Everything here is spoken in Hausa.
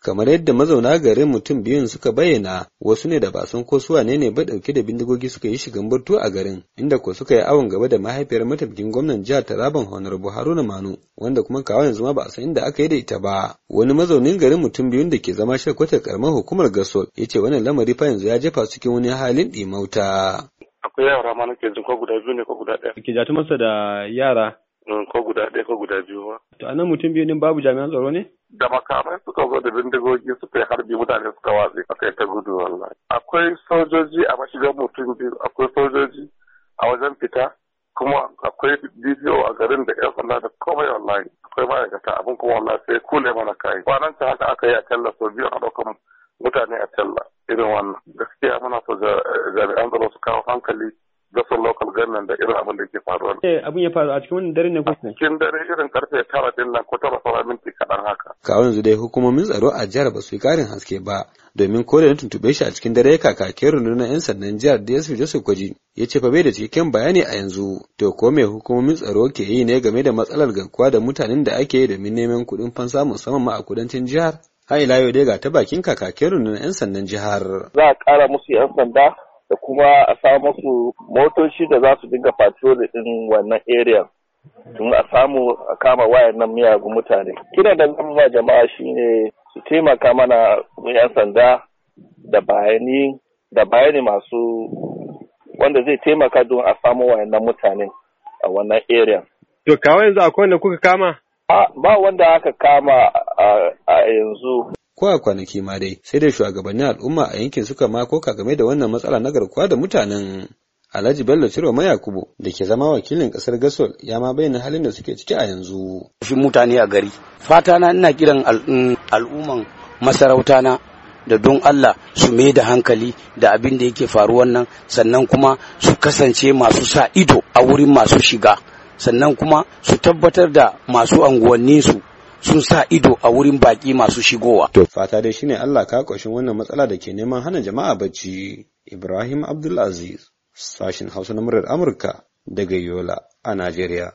kamar yadda mazauna garin mutum biyun suka bayyana wasu ne da ba sun ko su ne ba dauke da bindigogi suka yi shigan burtu a garin inda ko suka yi awon gaba da mahaifiyar matafikin gwamnan jihar Taraban Honorable Haruna Manu wanda kuma kawo yanzu ma ba a san inda aka yi da ita ba wani mazaunin garin mutum biyun da ke zama shirkwatar karamar hukumar Gasol yace wannan lamari fa yanzu ya jefa su cikin wani halin ɗimauta. akwai yara ma nake jin ko guda biyu ne ko guda ɗaya ke jatu masa da yara mm, ko guda ɗaya ko guda biyu ba to anan mutum biyu din babu jami'an tsaro ne da suka zo da bindigogi suka yi harbi mutane suka watse a kai ta gudu wallahi akwai sojoji a mashigar mutum biyu akwai sojoji a wajen fita kuma akwai bidiyo a garin da yan sanda da komai wallahi akwai ma'aikata abin kuma wallahi sai kule mana kai kwanan ta haka aka yi a talla so biyu a ɗaukar mutane a talla irin wannan gaskiya muna so jami'an tsaro su kawo hankali yake faruwa. Eh abin ya faru a cikin wannan dare ne ko? Cikin dare irin karfe tara din nan ko tara sauran minti kaɗan haka. Kawo yanzu dai hukumomin tsaro a jihar ba su yi ƙarin haske ba. Domin ko da na tuntuɓe shi a cikin dare kakakin rundunar 'yan sandan jihar da DSP Joseph Kwaji ya ce fa bai da cikakken bayani a yanzu. To ko me hukumomin tsaro ke yi ne game da matsalar garkuwa da mutanen da ake yi domin neman kuɗin fansa musamman ma a kudancin jihar? Hai yau dai ga ta bakin kakakin rundunar 'yan sandan jihar. Za a ƙara musu 'yan sanda da kuma a samu su motoci da za su dinga patrol din wannan area tun a samu a kama wayan nan miyagun mutane kina da zama ba jama'a shine su taimaka mana yan sanda da bayani da bayani masu wanda zai taimaka don a samu wayannan mutane a wannan area to kawai yanzu akwai wanda kuka kama ba wanda aka kama a yanzu ko a kwanaki ma dai sai da shugabannin al'umma a yankin suka ma koka game da wannan matsala na garkuwa da mutanen Alhaji Bello ma Yakubu da ke zama wakilin kasar Gasol ya ma bayyana halin da suke ciki a yanzu. Shi mutane a gari. Fata na ina kiran mm, al'umman masarauta na da don Allah su mai da hankali da abin da yake faruwan nan sannan kuma su kasance masu sa ido a wurin masu shiga sannan kuma su tabbatar da masu anguwanninsu sun sa ido a wurin baƙi masu shigowa. To fata dai shine Allah ka ƙoshin wannan matsala da ke neman hana jama'a bacci. Ibrahim Abdulaziz, sashin Hausa na murar Amurka daga Yola a Najeriya.